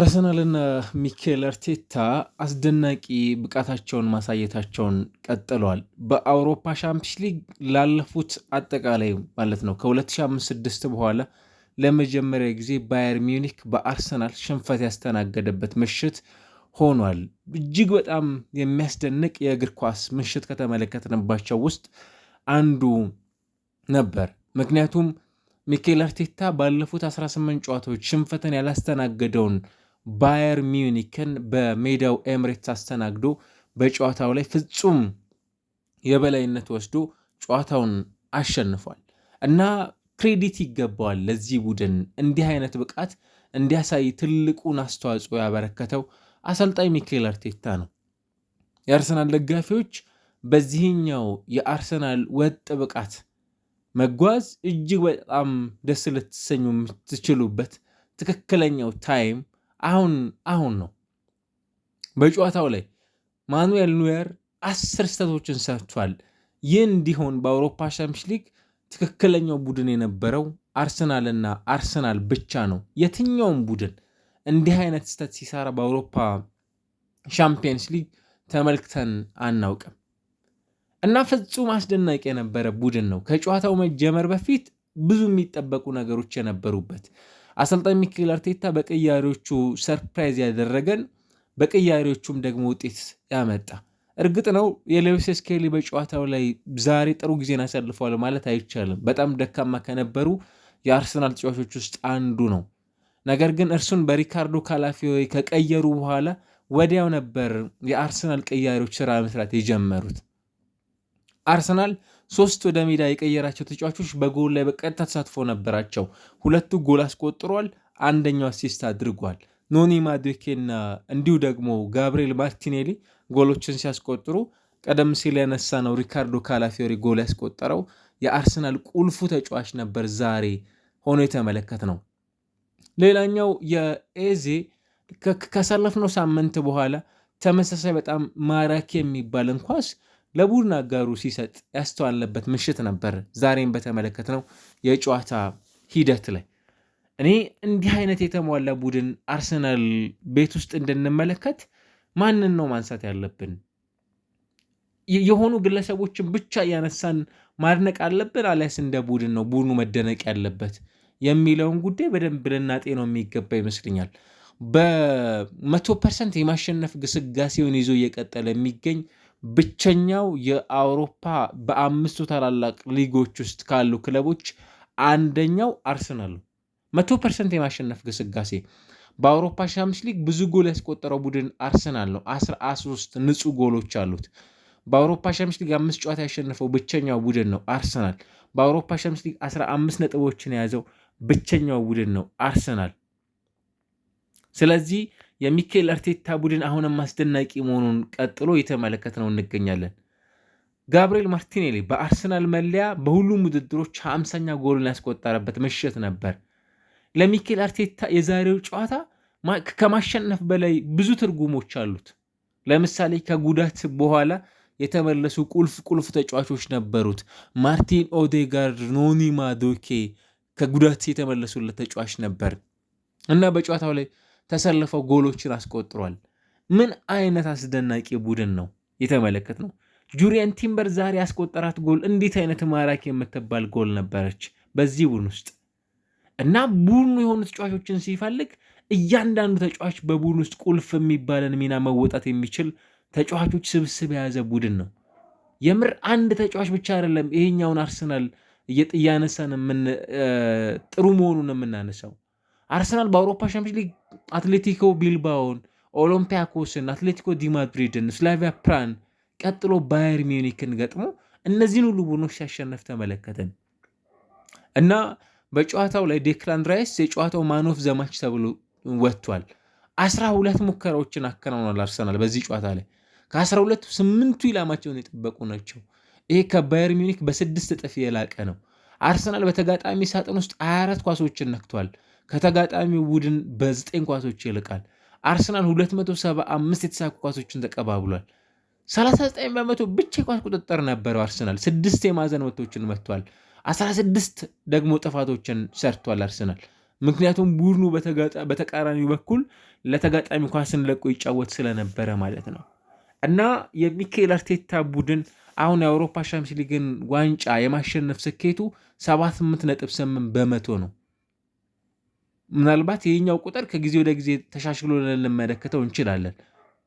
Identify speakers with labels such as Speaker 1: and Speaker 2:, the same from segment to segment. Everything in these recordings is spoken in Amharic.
Speaker 1: አርሰናልና ሚኬል አርቴታ አስደናቂ ብቃታቸውን ማሳየታቸውን ቀጥለዋል። በአውሮፓ ሻምፒዮንስ ሊግ ላለፉት አጠቃላይ ማለት ነው ከ2005/06 በኋላ ለመጀመሪያ ጊዜ ባየር ሚኒክ በአርሰናል ሽንፈት ያስተናገደበት ምሽት ሆኗል። እጅግ በጣም የሚያስደንቅ የእግር ኳስ ምሽት ከተመለከትንባቸው ውስጥ አንዱ ነበር። ምክንያቱም ሚኬል አርቴታ ባለፉት 18 ጨዋታዎች ሽንፈትን ያላስተናገደውን ባየር ሚዩኒክን በሜዳው ኤምሬትስ አስተናግዶ በጨዋታው ላይ ፍጹም የበላይነት ወስዶ ጨዋታውን አሸንፏል እና ክሬዲት ይገባዋል ለዚህ ቡድን እንዲህ አይነት ብቃት እንዲያሳይ ትልቁን አስተዋጽኦ ያበረከተው አሰልጣኝ ሚካኤል አርቴታ ነው። የአርሰናል ደጋፊዎች በዚህኛው የአርሰናል ወጥ ብቃት መጓዝ እጅግ በጣም ደስ ልትሰኙ የምትችሉበት ትክክለኛው ታይም አሁን አሁን ነው በጨዋታው ላይ ማኑኤል ኑየር አስር ስህተቶችን ሰርቷል። ይህ እንዲሆን በአውሮፓ ሻምፒዮንስ ሊግ ትክክለኛው ቡድን የነበረው አርሰናልና አርሰናል ብቻ ነው። የትኛውም ቡድን እንዲህ አይነት ስህተት ሲሰራ በአውሮፓ ሻምፒየንስ ሊግ ተመልክተን አናውቅም እና ፍጹም አስደናቂ የነበረ ቡድን ነው። ከጨዋታው መጀመር በፊት ብዙ የሚጠበቁ ነገሮች የነበሩበት አሰልጣኝ ሚኬል አርቴታ በቅያሬዎቹ ሰርፕራይዝ ያደረገን በቅያሬዎቹም ደግሞ ውጤት ያመጣ። እርግጥ ነው የሌዊስ ስኬሊ በጨዋታው ላይ ዛሬ ጥሩ ጊዜን አሳልፈዋል ማለት አይቻልም። በጣም ደካማ ከነበሩ የአርሰናል ተጫዋቾች ውስጥ አንዱ ነው። ነገር ግን እርሱን በሪካርዶ ካላፊዮ ከቀየሩ በኋላ ወዲያው ነበር የአርሰናል ቅያሬዎች ስራ መስራት የጀመሩት አርሰናል ሶስት ወደ ሜዳ የቀየራቸው ተጫዋቾች በጎል ላይ በቀጥታ ተሳትፎ ነበራቸው። ሁለቱ ጎል አስቆጥሯል፣ አንደኛው አሲስት አድርጓል። ኖኒ ማዱኬና እንዲሁ ደግሞ ጋብርኤል ማርቲኔሊ ጎሎችን ሲያስቆጥሩ ቀደም ሲል ያነሳ ነው ሪካርዶ ካላፊዮሪ ጎል ያስቆጠረው የአርሰናል ቁልፉ ተጫዋች ነበር ዛሬ ሆኖ የተመለከት ነው። ሌላኛው የኤዜ ከሰለፍነው ሳምንት በኋላ ተመሳሳይ በጣም ማራኪ የሚባልን ኳስ ለቡድን አጋሩ ሲሰጥ ያስተዋልንበት ምሽት ነበር። ዛሬም በተመለከትነው የጨዋታ ሂደት ላይ እኔ እንዲህ አይነት የተሟላ ቡድን አርሰናል ቤት ውስጥ እንድንመለከት ማንን ነው ማንሳት ያለብን? የሆኑ ግለሰቦችን ብቻ እያነሳን ማድነቅ አለብን አሊያስ እንደ ቡድን ነው ቡድኑ መደነቅ ያለበት የሚለውን ጉዳይ በደንብ ነው የሚገባ ይመስለኛል። በመቶ ፐርሰንት የማሸነፍ ግስጋሴውን ይዞ እየቀጠለ የሚገኝ ብቸኛው የአውሮፓ በአምስቱ ታላላቅ ሊጎች ውስጥ ካሉ ክለቦች አንደኛው አርሰናል ነው። መቶ ፐርሰንት የማሸነፍ ግስጋሴ በአውሮፓ ሻምስ ሊግ ብዙ ጎል ያስቆጠረው ቡድን አርሰናል ነው። 13 ንጹህ ጎሎች አሉት። በአውሮፓ ሻምስ ሊግ አምስት ጨዋታ ያሸነፈው ብቸኛው ቡድን ነው አርሰናል። በአውሮፓ ሻምስ ሊግ 15 ነጥቦችን የያዘው ብቸኛው ቡድን ነው አርሰናል። ስለዚህ የሚካኤል አርቴታ ቡድን አሁንም አስደናቂ መሆኑን ቀጥሎ እየተመለከት ነው እንገኛለን። ጋብርኤል ማርቲኔሊ በአርሰናል መለያ በሁሉም ውድድሮች ሃምሳኛ ጎልን ያስቆጠረበት ምሽት ነበር። ለሚካኤል አርቴታ የዛሬው ጨዋታ ከማሸነፍ በላይ ብዙ ትርጉሞች አሉት። ለምሳሌ ከጉዳት በኋላ የተመለሱ ቁልፍ ቁልፍ ተጫዋቾች ነበሩት። ማርቲን ኦዴጋርድ፣ ኖኒ ከጉዳት የተመለሱለት ተጫዋች ነበር እና በጨዋታው ላይ ተሰልፈው ጎሎችን አስቆጥሯል። ምን አይነት አስደናቂ ቡድን ነው የተመለከት ነው። ጁሪየን ቲምበር ዛሬ ያስቆጠራት ጎል እንዴት አይነት ማራኪ የምትባል ጎል ነበረች በዚህ ቡድን ውስጥ እና ቡድኑ የሆኑ ተጫዋቾችን ሲፈልግ እያንዳንዱ ተጫዋች በቡድን ውስጥ ቁልፍ የሚባለን ሚና መወጣት የሚችል ተጫዋቾች ስብስብ የያዘ ቡድን ነው። የምር አንድ ተጫዋች ብቻ አይደለም። ይሄኛውን አርሰናል እያነሳን ጥሩ መሆኑን የምናነሳው አርሰናል በአውሮፓ ሻምፒዮንስ ሊግ አትሌቲኮ ቢልባውን፣ ኦሎምፒያኮስን፣ አትሌቲኮ ዲማድሪድን፣ ስላቪያ ፕራን ቀጥሎ ባየር ሚኒክን ገጥሞ እነዚህን ሁሉ ቡድኖች ሲያሸነፍ ተመለከትን እና በጨዋታው ላይ ዴክላን ራይስ የጨዋታው ማኖፍ ዘማች ተብሎ ወጥቷል። አስራ ሁለት ሙከራዎችን አከናውኗል አርሰናል በዚህ ጨዋታ ላይ ከአስራ ሁለቱ ስምንቱ ኢላማቸውን የጠበቁ ናቸው። ይሄ ከባየር ሚኒክ በስድስት እጥፍ የላቀ ነው። አርሰናል በተጋጣሚ ሳጥን ውስጥ 24 ኳሶችን ነክቷል። ከተጋጣሚ ቡድን በዘጠኝ ኳሶች ይልቃል። አርሰናል 275 የተሳኩ ኳሶችን ተቀባብሏል። 39 በመቶ ብቻ የኳስ ቁጥጥር ነበረው አርሰናል። ስድስት የማዕዘን ምቶችን መቷል። 16 ደግሞ ጥፋቶችን ሰርቷል አርሰናል። ምክንያቱም ቡድኑ በተቃራኒ በኩል ለተጋጣሚ ኳስን ለቆ ይጫወት ስለነበረ ማለት ነው። እና የሚካኤል አርቴታ ቡድን አሁን የአውሮፓ ሻምፒዮንስ ሊግን ዋንጫ የማሸነፍ ስኬቱ 78.8 በመቶ ነው። ምናልባት ይህኛው ቁጥር ከጊዜ ወደ ጊዜ ተሻሽሎ ልንመለከተው እንችላለን።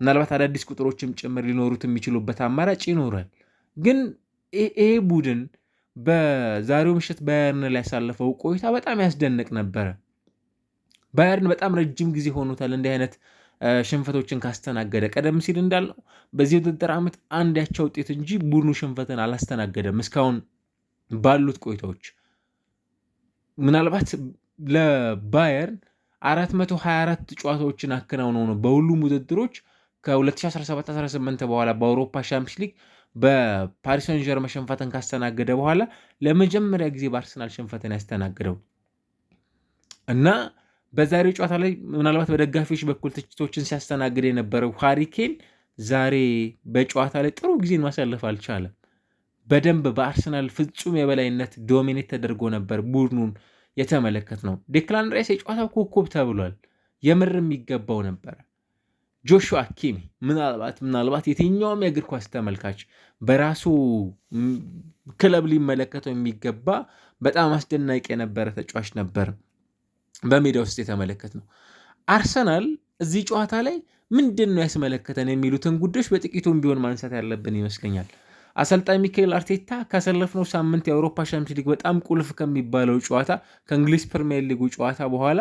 Speaker 1: ምናልባት አዳዲስ ቁጥሮችም ጭምር ሊኖሩት የሚችሉበት አማራጭ ይኖራል። ግን ይሄ ቡድን በዛሬው ምሽት ባየርን ላይ ያሳለፈው ቆይታ በጣም ያስደንቅ ነበረ። ባየርን በጣም ረጅም ጊዜ ሆኖታል እንዲህ አይነት ሽንፈቶችን ካስተናገደ። ቀደም ሲል እንዳለው በዚህ ውድድር ዓመት አንድ ያቻ ውጤት እንጂ ቡድኑ ሽንፈትን አላስተናገደም እስካሁን ባሉት ቆይታዎች ምናልባት ለባየርን 424 ጨዋታዎችን አከናውነው ነው በሁሉም ውድድሮች ከ2017-18 በኋላ በአውሮፓ ሻምፒዮንስ ሊግ በፓሪስ ሰን ዠርመን ሽንፈትን ካስተናገደ በኋላ ለመጀመሪያ ጊዜ በአርሰናል ሽንፈትን ያስተናግደው እና በዛሬው ጨዋታ ላይ ምናልባት በደጋፊዎች በኩል ትችቶችን ሲያስተናግድ የነበረው ሃሪኬን ዛሬ በጨዋታ ላይ ጥሩ ጊዜን ማሳለፍ አልቻለም። በደንብ በአርሰናል ፍጹም የበላይነት ዶሚኔት ተደርጎ ነበር ቡድኑን የተመለከት ነው። ዴክላን ራይስ የጨዋታው ኮከብ ተብሏል። የምር የሚገባው ነበረ። ጆሹዋ ኪሚ ምናልባት ምናልባት የትኛውም የእግር ኳስ ተመልካች በራሱ ክለብ ሊመለከተው የሚገባ በጣም አስደናቂ የነበረ ተጫዋች ነበር በሜዳ ውስጥ የተመለከት ነው። አርሰናል እዚህ ጨዋታ ላይ ምንድን ነው ያስመለከተን የሚሉትን ጉዳዮች በጥቂቱም ቢሆን ማንሳት ያለብን ይመስለኛል። አሰልጣኝ ሚካኤል አርቴታ ካሳለፍነው ሳምንት የአውሮፓ ሻምፒዮንስ ሊግ በጣም ቁልፍ ከሚባለው ጨዋታ ከእንግሊዝ ፕሪሚየር ሊጉ ጨዋታ በኋላ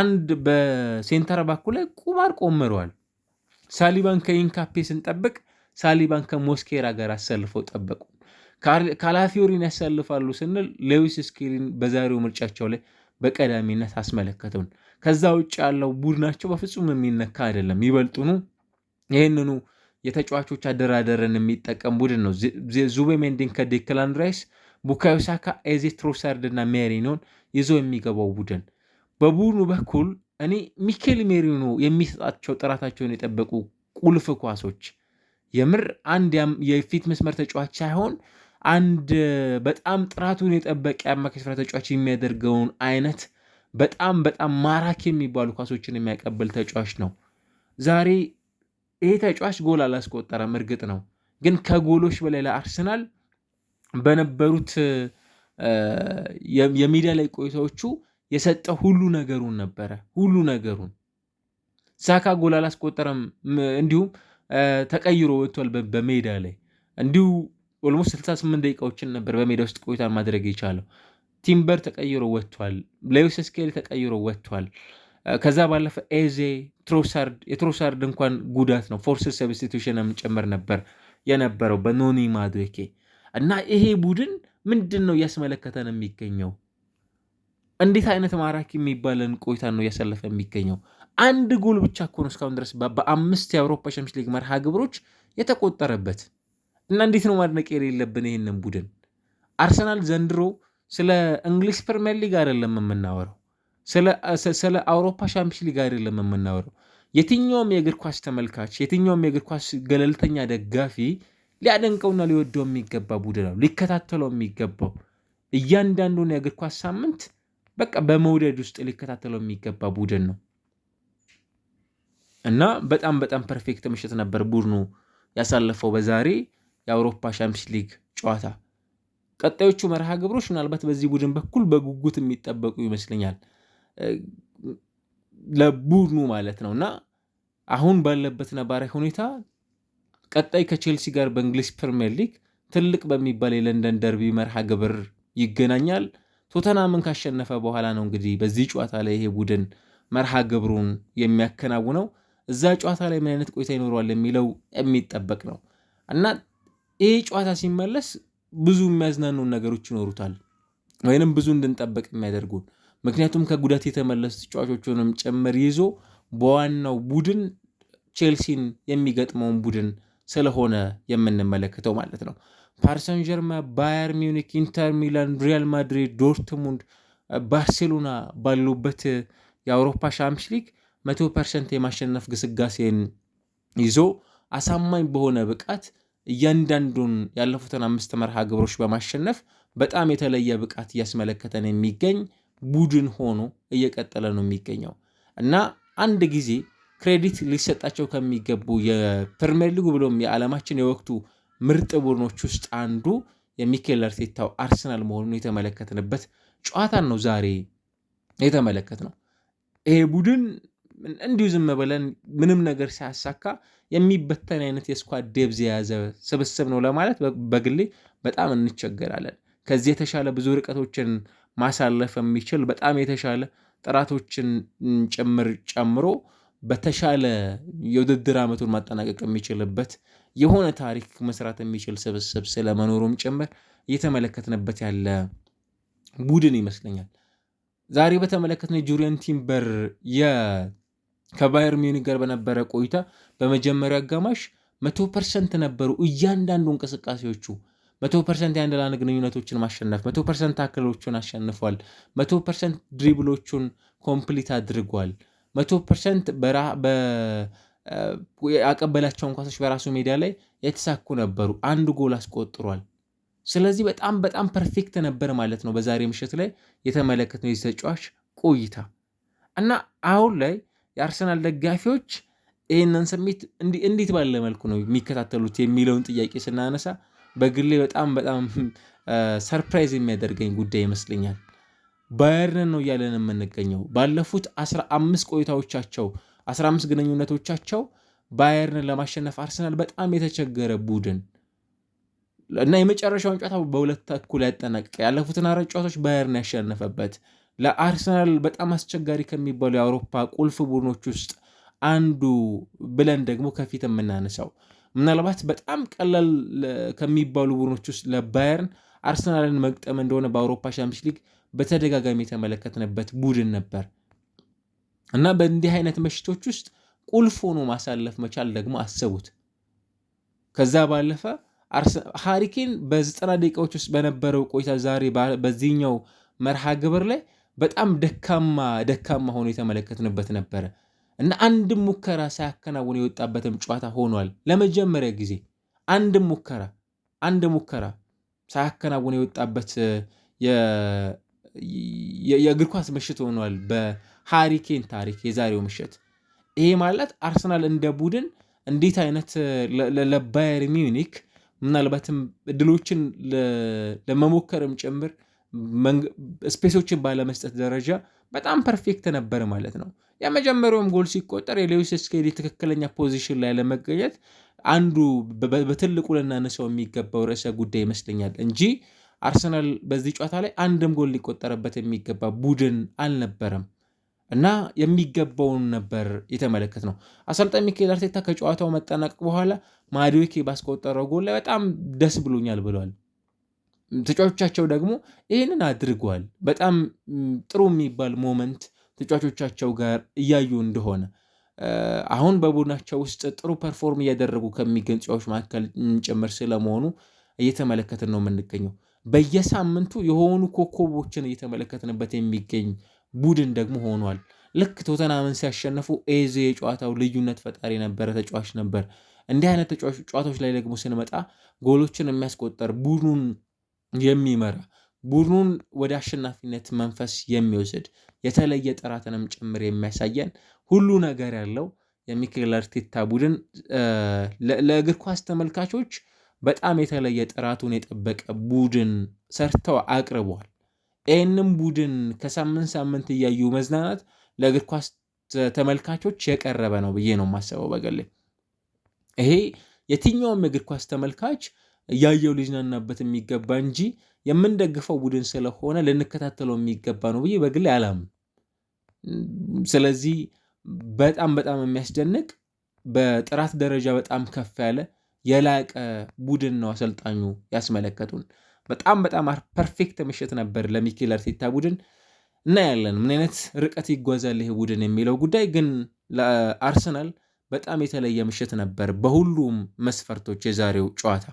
Speaker 1: አንድ በሴንተር ባኩ ላይ ቁማር ቆምረዋል። ሳሊባን ከኢንካፔ ስንጠብቅ ሳሊባን ከሞስኬራ ጋር አሰልፈው ጠበቁ። ካላፊዮሪን ያሳልፋሉ ስንል ሌዊስ ስኬሊን በዛሬው ምርጫቸው ላይ በቀዳሚነት አስመለከተውን። ከዛ ውጭ ያለው ቡድናቸው በፍጹም የሚነካ አይደለም። ይበልጡኑ ይህንኑ የተጫዋቾች አደራደርን የሚጠቀም ቡድን ነው። ዙቤሜንዲን ከዴክላን ራይስ፣ ቡካዮ ሳካ፣ ኤዜ ትሮሳርድ እና ሜሪኖን ይዞ የሚገባው ቡድን በቡድኑ በኩል እኔ ሚኬል ሜሪኖ የሚሰጣቸው ጥራታቸውን የጠበቁ ቁልፍ ኳሶች የምር አንድ የፊት መስመር ተጫዋች ሳይሆን አንድ በጣም ጥራቱን የጠበቀ የአማካይ ስፍራ ተጫዋች የሚያደርገውን አይነት በጣም በጣም ማራኪ የሚባሉ ኳሶችን የሚያቀብል ተጫዋች ነው ዛሬ ይሄ ተጫዋች ጎል አላስቆጠረም፣ እርግጥ ነው ግን ከጎሎች በላይ ለአርሰናል በነበሩት የሜዳ ላይ ቆይታዎቹ የሰጠ ሁሉ ነገሩን ነበረ። ሁሉ ነገሩን ሳካ ጎል አላስቆጠረም፣ እንዲሁም ተቀይሮ ወጥቷል። በሜዳ ላይ እንዲሁ ኦልሞስት 68 ደቂቃዎችን ነበር በሜዳ ውስጥ ቆይታ ማድረግ የቻለው። ቲምበር ተቀይሮ ወጥቷል። ለዩስ ስኬሊ ተቀይሮ ወጥቷል። ከዛ ባለፈ ኤዜ ትሮሳርድ የትሮሳርድ እንኳን ጉዳት ነው ፎርስ ሰብስቲቱሽንም ጭምር ነበር የነበረው በኖኒ ማዱኬ እና ይሄ ቡድን ምንድን ነው እያስመለከተ ነው የሚገኘው? እንዴት አይነት ማራኪ የሚባለን ቆይታ ነው እያሳለፈ የሚገኘው? አንድ ጎል ብቻ እኮ ነው እስካሁን ድረስ በአምስት የአውሮፓ ሻምፒዮንስ ሊግ መርሃ ግብሮች የተቆጠረበት እና እንዴት ነው ማድነቅ የሌለብን ይህንን ቡድን? አርሰናል ዘንድሮ ስለ እንግሊዝ ፕሪምየር ሊግ አይደለም የምናወረው ስለ አውሮፓ ሻምፒዮንስ ሊግ አይደለም የምናወረው የትኛውም የእግር ኳስ ተመልካች፣ የትኛውም የእግር ኳስ ገለልተኛ ደጋፊ ሊያደንቀውና ሊወደው የሚገባ ቡድን ነው፣ ሊከታተለው የሚገባው እያንዳንዱን የእግር ኳስ ሳምንት በቃ በመውደድ ውስጥ ሊከታተለው የሚገባ ቡድን ነው እና በጣም በጣም ፐርፌክት ምሽት ነበር ቡድኑ ያሳለፈው በዛሬ የአውሮፓ ሻምፒዮንስ ሊግ ጨዋታ። ቀጣዮቹ መርሃ ግብሮች ምናልባት በዚህ ቡድን በኩል በጉጉት የሚጠበቁ ይመስለኛል። ለቡድኑ ማለት ነው እና አሁን ባለበት ነባራዊ ሁኔታ ቀጣይ ከቼልሲ ጋር በእንግሊዝ ፕሪምየር ሊግ ትልቅ በሚባል የለንደን ደርቢ መርሃ ግብር ይገናኛል። ቶተናምን ካሸነፈ በኋላ ነው እንግዲህ በዚህ ጨዋታ ላይ ይሄ ቡድን መርሃ ግብሩን የሚያከናውነው። እዛ ጨዋታ ላይ ምን አይነት ቆይታ ይኖረዋል የሚለው የሚጠበቅ ነው እና ይህ ጨዋታ ሲመለስ ብዙ የሚያዝናኑን ነገሮች ይኖሩታል ወይንም ብዙ እንድንጠብቅ የሚያደርጉን ምክንያቱም ከጉዳት የተመለሱ ተጫዋቾቹንም ጭምር ይዞ በዋናው ቡድን ቼልሲን የሚገጥመውን ቡድን ስለሆነ የምንመለከተው ማለት ነው። ፓሪሰን ጀርማ፣ ባየር ሚኒክ ኢንተር ሚላን፣ ሪያል ማድሪድ፣ ዶርትሙንድ፣ ባርሴሎና ባሉበት የአውሮፓ ሻምፕስ ሊግ መቶ ፐርሰንት የማሸነፍ ግስጋሴን ይዞ አሳማኝ በሆነ ብቃት እያንዳንዱን ያለፉትን አምስት መርሃ ግብሮች በማሸነፍ በጣም የተለየ ብቃት እያስመለከተን የሚገኝ ቡድን ሆኖ እየቀጠለ ነው የሚገኘው እና አንድ ጊዜ ክሬዲት ሊሰጣቸው ከሚገቡ የፕሪሚየር ሊጉ ብሎም የዓለማችን የወቅቱ ምርጥ ቡድኖች ውስጥ አንዱ የሚኬል አርቴታው አርሰናል መሆኑን የተመለከትንበት ጨዋታን ነው ዛሬ የተመለከት ነው። ይሄ ቡድን እንዲሁ ዝም ብለን ምንም ነገር ሲያሳካ የሚበተን አይነት የስኳድ ደብዝ የያዘ ስብስብ ነው ለማለት በግሌ በጣም እንቸገራለን። ከዚህ የተሻለ ብዙ ርቀቶችን ማሳለፍ የሚችል በጣም የተሻለ ጥራቶችን ጭምር ጨምሮ በተሻለ የውድድር ዓመቱን ማጠናቀቅ የሚችልበት የሆነ ታሪክ መስራት የሚችል ስብስብ ስለመኖሩም ጭምር እየተመለከትንበት ያለ ቡድን ይመስለኛል። ዛሬ በተመለከትነው ጁሪየን ቲምበር ከባየር ሚዩኒክ ጋር በነበረ ቆይታ በመጀመሪያ አጋማሽ መቶ ፐርሰንት ነበሩ እያንዳንዱ እንቅስቃሴዎቹ። መቶ ፐርሰንት የአንድ ለአንድ ግንኙነቶችን ማሸነፍ፣ መቶ ፐርሰንት ታክሎቹን አሸንፏል። መቶ ፐርሰንት ድሪብሎቹን ኮምፕሊት አድርጓል። መቶ ፐርሰንት ያቀበላቸውን ኳሶች በራሱ ሜዳ ላይ የተሳኩ ነበሩ። አንድ ጎል አስቆጥሯል። ስለዚህ በጣም በጣም ፐርፌክት ነበር ማለት ነው። በዛሬ ምሽት ላይ የተመለከትነው የዚህ ተጫዋች ቆይታ እና አሁን ላይ የአርሰናል ደጋፊዎች ይህንን ስሜት እንዴት ባለ መልኩ ነው የሚከታተሉት የሚለውን ጥያቄ ስናነሳ በግሌ በጣም በጣም ሰርፕራይዝ የሚያደርገኝ ጉዳይ ይመስለኛል። ባየርን ነው እያለን የምንገኘው። ባለፉት 15 ቆይታዎቻቸው 15 ግንኙነቶቻቸው ባየርን ለማሸነፍ አርሰናል በጣም የተቸገረ ቡድን እና የመጨረሻውን ጨዋታ በሁለት እኩል ያጠናቀቀ ያለፉትን አራት ጨዋታዎች ባየርን ያሸነፈበት ለአርሰናል በጣም አስቸጋሪ ከሚባሉ የአውሮፓ ቁልፍ ቡድኖች ውስጥ አንዱ ብለን ደግሞ ከፊት የምናነሳው ምናልባት በጣም ቀላል ከሚባሉ ቡድኖች ውስጥ ለባየርን አርሰናልን መግጠም እንደሆነ በአውሮፓ ሻምፒዮንስ ሊግ በተደጋጋሚ የተመለከትንበት ቡድን ነበር እና በእንዲህ አይነት ምሽቶች ውስጥ ቁልፍ ሆኖ ማሳለፍ መቻል ደግሞ አሰቡት ከዛ ባለፈ ሃሪኬን በዘጠና ደቂቃዎች ውስጥ በነበረው ቆይታ ዛሬ በዚህኛው መርሃ ግብር ላይ በጣም ደካማ ደካማ ሆኖ የተመለከትንበት ነበረ። እና አንድም ሙከራ ሳያከናውን የወጣበትም ጨዋታ ሆኗል። ለመጀመሪያ ጊዜ አንድም ሙከራ አንድ ሙከራ ሳያከናውን የወጣበት የእግር ኳስ ምሽት ሆኗል በሃሪኬን ታሪክ የዛሬው ምሽት። ይሄ ማለት አርሰናል እንደ ቡድን እንዴት አይነት ለባየር ሚዩኒክ ምናልባትም እድሎችን ለመሞከርም ጭምር ስፔሶችን ባለመስጠት ደረጃ በጣም ፐርፌክት ነበር ማለት ነው። የመጀመሪያውም ጎል ሲቆጠር የሌዊስ ስኬሊ ትክክለኛ ፖዚሽን ላይ ለመገኘት አንዱ በትልቁ ልናነሳው የሚገባው ርዕሰ ጉዳይ ይመስለኛል እንጂ አርሰናል በዚህ ጨዋታ ላይ አንድም ጎል ሊቆጠረበት የሚገባ ቡድን አልነበረም እና የሚገባውን ነበር የተመለከት ነው። አሰልጣኝ ሚካኤል አርቴታ ከጨዋታው መጠናቀቅ በኋላ ማዲዌኬ ባስቆጠረው ጎል ላይ በጣም ደስ ብሎኛል ብለዋል። ተጫዋቾቻቸው ደግሞ ይህንን አድርጓል በጣም ጥሩ የሚባል ሞመንት ተጫዋቾቻቸው ጋር እያዩ እንደሆነ አሁን በቡድናቸው ውስጥ ጥሩ ፐርፎርም እያደረጉ ከሚገኙ ተጫዋቾች መካከል ጭምር ስለመሆኑ እየተመለከትን ነው የምንገኘው። በየሳምንቱ የሆኑ ኮከቦችን እየተመለከትንበት የሚገኝ ቡድን ደግሞ ሆኗል። ልክ ቶተናምን ሲያሸነፉ ኤዜ የጨዋታው ልዩነት ፈጣሪ ነበረ ተጫዋች ነበር። እንዲህ አይነት ተጫዋቾች ጨዋታዎች ላይ ደግሞ ስንመጣ ጎሎችን የሚያስቆጠር ቡድኑን የሚመራ ቡድኑን ወደ አሸናፊነት መንፈስ የሚወስድ የተለየ ጥራትንም ጭምር የሚያሳየን ሁሉ ነገር ያለው የሚኬል አርቴታ ቡድን ለእግር ኳስ ተመልካቾች በጣም የተለየ ጥራቱን የጠበቀ ቡድን ሰርተው አቅርቧል። ይህንም ቡድን ከሳምንት ሳምንት እያዩ መዝናናት ለእግር ኳስ ተመልካቾች የቀረበ ነው ብዬ ነው የማስበው በግሌ። ይሄ የትኛውም የእግር ኳስ ተመልካች እያየው ሊዝናናበት የሚገባ እንጂ የምንደግፈው ቡድን ስለሆነ ልንከታተለው የሚገባ ነው ብዬ በግሌ አላም ስለዚህ በጣም በጣም የሚያስደንቅ በጥራት ደረጃ በጣም ከፍ ያለ የላቀ ቡድን ነው አሰልጣኙ ያስመለከቱን። በጣም በጣም ፐርፌክት ምሽት ነበር ለሚኬል አርቴታ ቡድን። እናያለን ምን አይነት ርቀት ይጓዛል ይህ ቡድን የሚለው ጉዳይ ግን ለአርሰናል በጣም የተለየ ምሽት ነበር በሁሉም መስፈርቶች የዛሬው ጨዋታ።